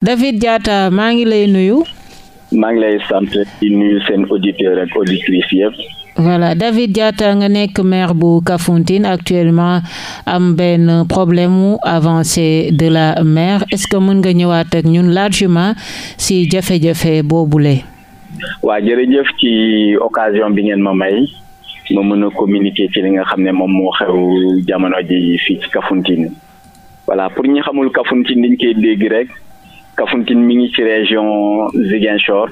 David jaata maa ngi lay nuyu. maa ngi lay sant di seen auditeurs ak auditrices yëpp. voilà David jaata nga nekk maire bu Kafountine actuellement am benn problème mu avancée de la mer est-ce que mën nga ñëwaat ak ñun largement si jafe-jafe boobule. waa jërëjëf ci occasion bi ngeen ma may ma mën a communiquer ci li nga xam ne moom moo xew jamono ji fii ci Kafountine voilà pour ñi xamul Kafountine dañ koy dégg rek. Kafountine mi ngi ci région Ziguinchor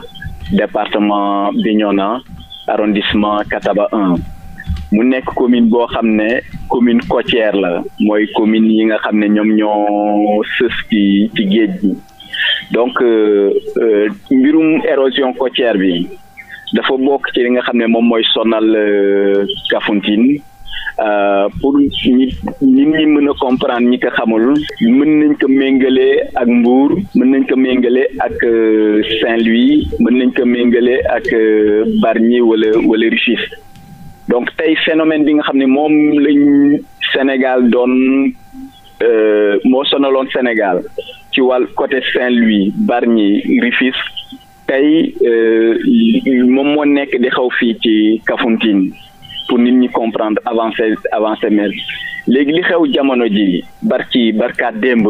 département Bignona arrondissement Kataba 1 mu nekk commune boo xam ne commune côtière la mooy commune yi nga xam ne ñoom ñoo sës ci ci géej gi donc euh, euh mbirum érosion côtière bi dafa bokk ci li nga xam ne moom mooy sonal euh, Kafountine Euh, pour ñi ñit ñi mën a comprendre ñi ko xamul mën nañ ko méngalee ak Mbour mën nañ ko méngalee ak euh, Saint-Louis mën nañ ko méngalee ak euh, Bargny wala wala Rufisque donc tey phénomène bi nga xam ne moom lañ Sénégal doon moo sonaloon Sénégal ci wàll côté Saint-Louis Bargny Rufisque tey moom moo nekk di xaw fii ci Kafountine pour nit ñi comprendre avancer avancé mer léegi li xew jamono ji barki barkaat démb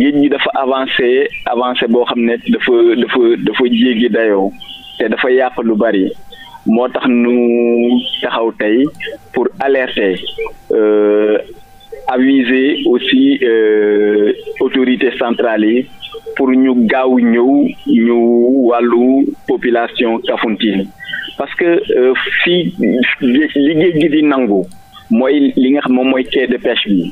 géej gi dafa avancé avancé boo xam ne dafa dafa dafa jéggi dayoo te dafa yàq lu bari moo tax nu taxaw tey pour alerter euh, aviser aussi euh, autorités centrales yi pour ñu gaaw ñëw ñu wàllu population Kafountine parce que euh, fii li géej gi di nangu mooy li nga xam moom mooy quai de pêche bi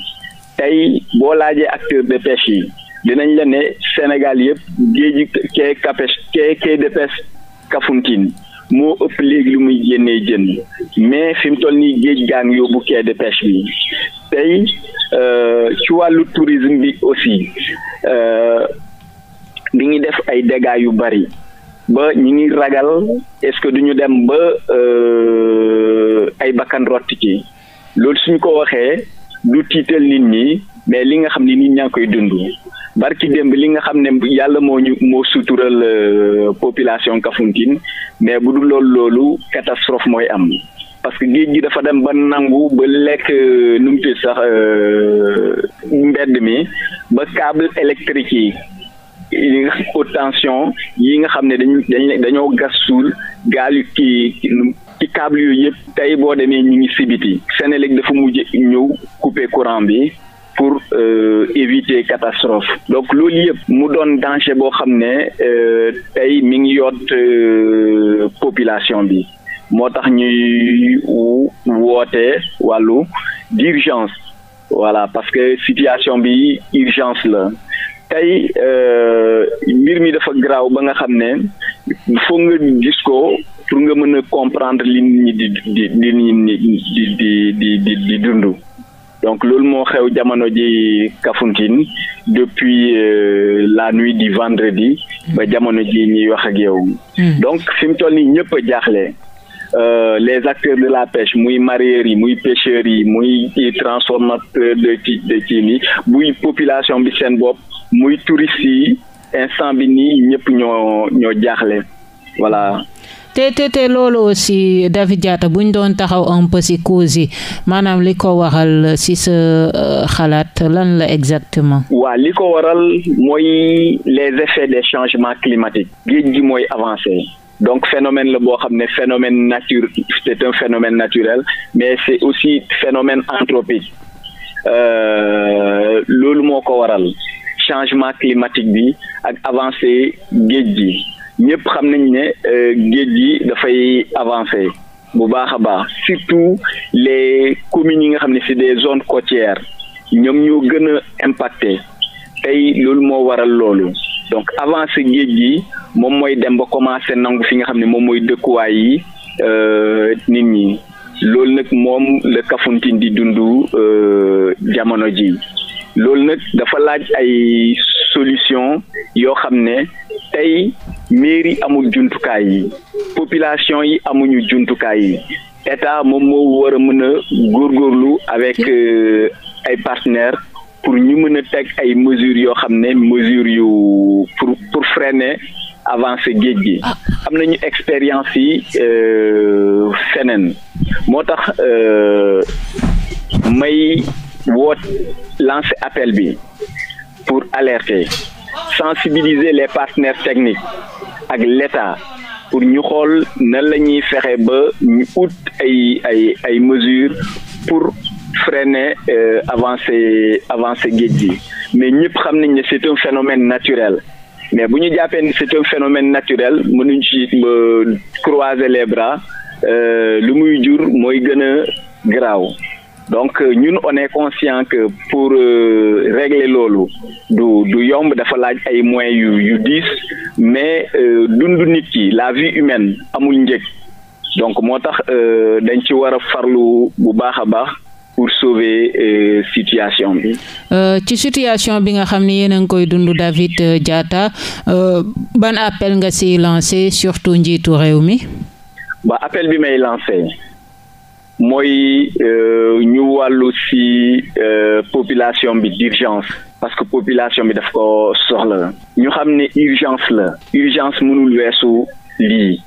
tey boo laajee acteur de pêche yi dinañ la ne Sénégal yëpp géeju quai capêche quai de pêche Kafountine moo ëpp léegi lu muy génnee jën mais fi mu toll nii géej gaa ngi yóbbu quai de pêche bi tey euh, ci wàllu tourisme bi aussi bi euh, ngi def ay dégâts yu bari ba ñu ngi ragal est-ce que ñu dem ba euh, ay bakkan rott ci loolu suñ ko waxee du tiital nit ñi mais li nga xam ni nit ñaa koy dund barki démb li nga xam ne yàlla moo ñu moo sutural euh, population Kafountine mais bu dul loolu loolu catastrophe mooy am parce que géej gi dafa dem ba nangu ba lekk euh, nu mu tudd sax mbedd mi ba câble électrique yi haute tension yi nga xam ne dañu dañoo gas suul gaal yu kii ci yooyu yëpp tey boo demee ñu ngi sibiti Sénélec dafa mujj ñëw couper courant bi pour euh, éviter catastrophe donc loolu yëpp mu doon danger boo xam ne euh, tey mi ngi yoot euh, population bi moo tax ñuy woote wàllu d'urgence voilà parce que situation bi urgence la tey euh, mbir mi dafa garaaw ba nga xam ne foog nga gis ko pour nga mën a comprendre li nit ñi di di di di di di di dund donc loolu moo xew jamono ji Kafountine depuis euh, la nuit di vendredi ba jamono ji ñuy wax ak yow hmm. donc fi mu toll jaaxle Euh, les acteurs de la pêche muy mareyeurs yi muy pêcheurs yi muy transformateur de ci de cii nii muy population bi seen bopp muy touristes yi instant bi nii ñëpp ñoo ñoo jaaxle voilà te te te loolu aussi David Diatta bu ñu doon taxaw un peu si cause yi maanaam li ko waral si sa euh, xalaat lan la exactement. waa li ko waral mooy les effets des changement climatique géej gi mooy avancé. donc phénomène la boo xam ne phénomène nature c'est un phénomène naturel mais c'est aussi phénomène anthropique euh, loolu moo ko waral changement climatique bi ak avancée géej gi ñëpp xam nañ ne euh, géej gi dafay avancé bu baax a baax surtout les communes yi nga xam ne c'est des zones côtières ñoom ñoo gën a impacté tey loolu moo waral loolu donc avancé géej gi moom mooy dem ba commencé nangu fi nga xam ne moom mooy dëkkuwaay yi euh, nit ñi loolu nag moom la Kafountine di dund euh, jamono ji loolu nag dafa laaj ay solution yoo xam ne tey mairie amul jumtukaay yi population yi amuñu jumtukaay yi état moom moo war a mën a góorgóorlu avec euh, ay partenaires pour ñu mën a teg ay mesures yoo xam ne mesures yu pour pour freiner avancé géej gi ah. am nañu expérience yi euh, feneen moo tax euh, may woot lancer appel bi pour alerter sensibiliser les partenaires techniques ak l'État pour ñu xool nan la ñuy fexe ba ñu ut ay ay ay mesures pour freiner euh, avancé avancé géej mais ñëpp xam nañ ne c'est un phénomène naturel mais bu ñu jàppee ni c'est un phénomène naturel mënuñ ci euh, croiser les bras euh, lu muy jur mooy gën a graaw donc euh, ñun on est conscient que pour euh, régler loolu du du yomb dafa laaj ay moyens yu yu diis mais euh, dundu nit ki la vie humaine amul njëg donc moo tax dañ ci war a farlu bu baax a baax pour sauver euh, situation bi. Euh, ci situation bi nga xam ne yéen a ngi koy dund David euh, Diatta ban appel nga si lancé surtout njiitu réew mi. ba appel bi may lancé mooy ñu wàllu si population bi d'urgence parce que population bi daf ko soxla ñu xam ne urgence la urgence mënul weesu lii.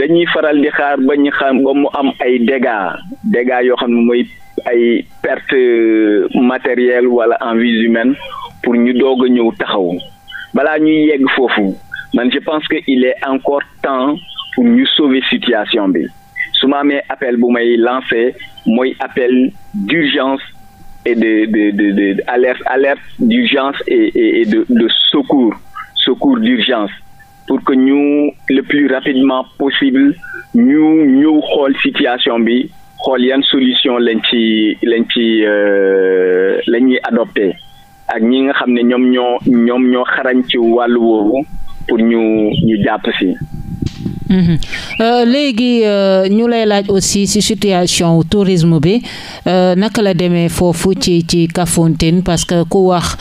dañuy faral di xaar ba ñu xam ba mu am ay dégâts dégâts yoo xam ne mooy ay perte matérielle wala en vies humaines pour ñu doog a ñëw taxaw balaa ñuy yegg foofu man je pense que il est encore temps pour ñu sauver situation bi su ma appel bu may lancé mooy appel d'urgence et de de de de alerte alerte d'urgence et de de secours secours d'urgence pour que ñu le plus rapidement possible ñu ñëw xool situation bi xool yan solution lañ ci lañ ci euh, la ñuy adopté ak ñi nga xam ne ñoom ñoo ñoom ñoo xarañ ci wàllu woowu pour ñu ñu jàpp si Mhm. Euh, léegi euh, ñu lay laaj aussi ci situation tourisme bi euh, naka la demee foofu ci ci Kafountine parce que ku wax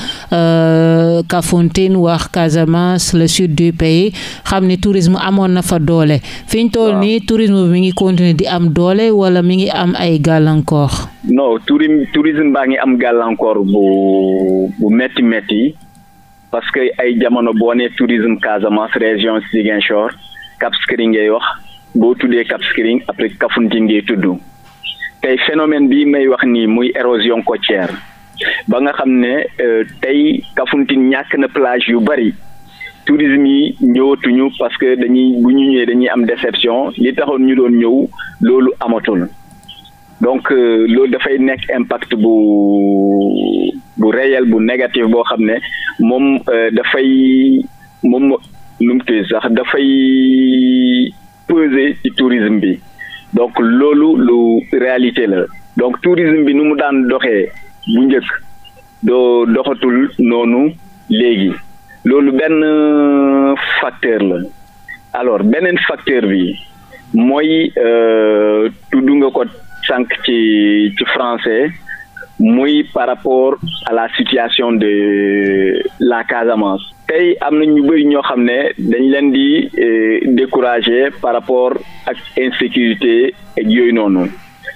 Kafountine wax Casamance le sud du pays xam ni tourisme amoon na fa doole fi ñu toll nii tourisme bi mi ngi continuer di am doole wala mi ngi am ay gàllankoor. non tourisme tourisme baa ngi am gàllankoor bu bu metti metti parce que ay jamono boo nee tourisme Casamance région Ziguinchor. Cap Skirring ngay wax boo tuddee Cap Skirring après Kafountine ngay tudd tey phénomène bi may wax nii muy érosion côtière ba nga xam ne euh, tey Kafountine ñàkk na plage yu bari tourisme yi ñëwatuñu parce que dañuy bu ñu ñëwee dañuy am déception li taxoon ñu doon ñëw loolu amatul donc euh, loolu dafay nekk impact bu bu réel bu négatif boo xam ne moom euh, dafay moom nu mu sax dafay peser ci tourisme bi donc loolu lu réalité la donc tourisme bi nu mu daan doxee bu njëkk doo doxatul noonu léegi loolu benn facteur la alors beneen facteur bi mooy euh, tudd nga ko sànq ci ci français muy par rapport à la situation de la Casamance tey am na ñu bëri ñoo xam ne dañ leen di eh, décourager par rapport ak insécurité ak yooyu noonu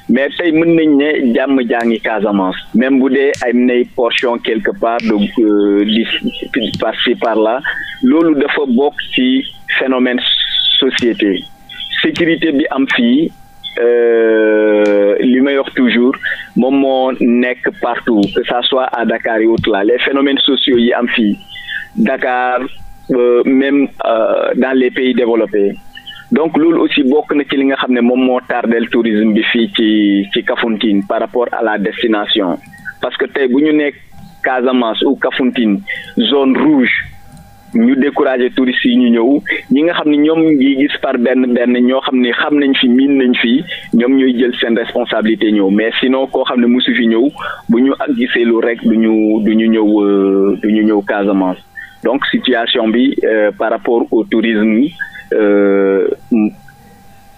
mais tey mën nañ ne jàmm jaa ngi Casamance même bu dee ay nay portion quelque part de euh, di par ci par la loolu dafa bokk ci phénomène société sécurité bi am fii Euh, li may wax toujours moom moo nekk partout que ça soit à Dakar et autres là les phénomènes sociaux yi am fii Dakar euh, même euh, dans les pays développés donc loolu aussi bokk na ci li nga xam ne moom moo tardel tourisme bi fii ci ci Kafountine par rapport à la destination parce que tey bu ñu nekk Casamance ou Kafountine zone rouge ñu découragé touristes yi ñu ñëw ñi nga xam ne ñoom ngi gis par benn benn ñoo xam ni xam nañ fi miin nañ fi ñoom ñooy jël seen responsabilité ñëw mais sinon koo xam ne mosu fi ñëw bu ñu ak gisee lu rek du ñu du ñu ñëw euh, du ñu ñëw Casamance donc situation bi euh, par rapport au tourisme euh,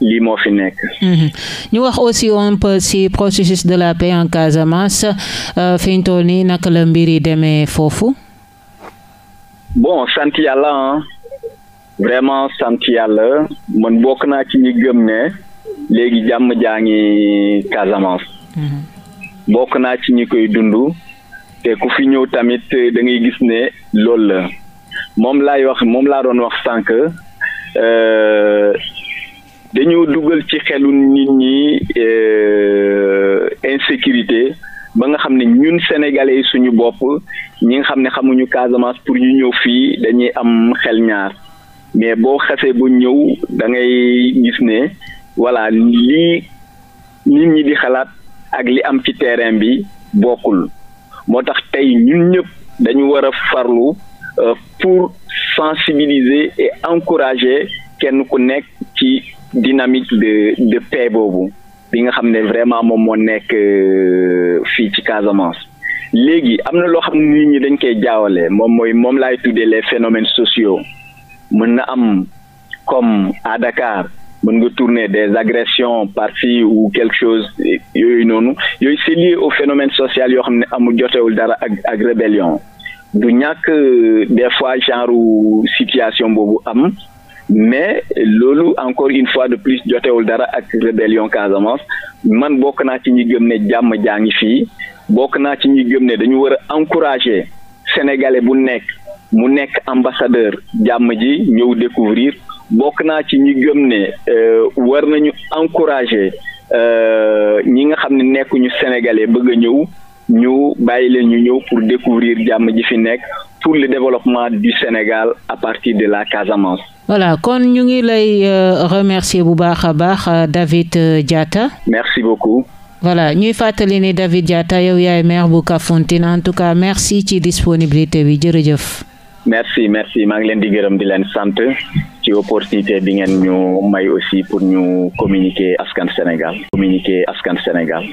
lii moo fi nekk. Mm-hmm. ñu wax aussi un si processus de la paix en Casamance euh, fi ñu toll nii naka la mbir yi demee foofu. bon sant yàlla vraiment sant yàlla man bokk naa ci ñi gëm ne léegi jàmm jaa ngi Casamance. Mhm. bokk naa ci ñi koy dund te ku fi ñëw tamit da ngay gis ne loolu la moom laay wax moom laa doon wax sànq euh, dañoo dugal ci xelu nit ñi euh, insécurité ba nga xam ne ñun sénégalais suñu bopp ñi nga xam ne xamuñu Casamance pour ñu ñëw fii dañuy am xel ñaar mais boo xesee ba ñëw da ngay gis ne voilà lii nit ñi di xalaat ak li am ci terrain bi bokkul moo tax tey ñun ñëpp dañu war a farlu euh, pour sensibiliser et encourager kenn ku nekk ci dynamique de de paix boobu bi nga xam ne vraiment moom moo nekk euh, fii ci Casamance. léegi am na loo xam ne nit ñi dañ koy jaawale moom mooy moom laay tuddee les phénomènes sociaux mën na am comme à Dakar mën nga tourner des agressions par-ci ou quelque chose yooyu noonu yooyu c'est lié au phénomène social yoo xam ne amul jotewul dara ak ak rébellion du ñàkk des fois genre situation boobu am mais loolu encore une fois de plus jotewul dara ak rébellion Casamance man bokk naa ci ñi gëm ne jàmm jaa ngi fii bokk naa ci ñi gëm ne dañu war a encourager sénégalais bu nekk mu nekk ambassadeur jàmm ji ñëw découvrir bokk naa ci ñi gëm ne euh, war nañu encourager euh, ñi nga xam ne nekkuñu sénégalais bëgg a ñëw ñu bàyyi leen ñu ñëw pour découvrir jàmm ji fi nekk pour le développement du Sénégal à partir de la Casamance. voilà kon ñu ngi lay euh, remercier bu baax a baax David Diatta. merci beaucoup. voilà ñuy fàttali ni David Diatta yow yaay maire bu Kafountine en tout cas merci ci disponibilité bi jërëjëf. merci merci maa ngi leen di gërëm di leen sant ci opportunité bi ngeen ñu may aussi pour ñu communiquer askan Sénégal communiquer askan Sénégal.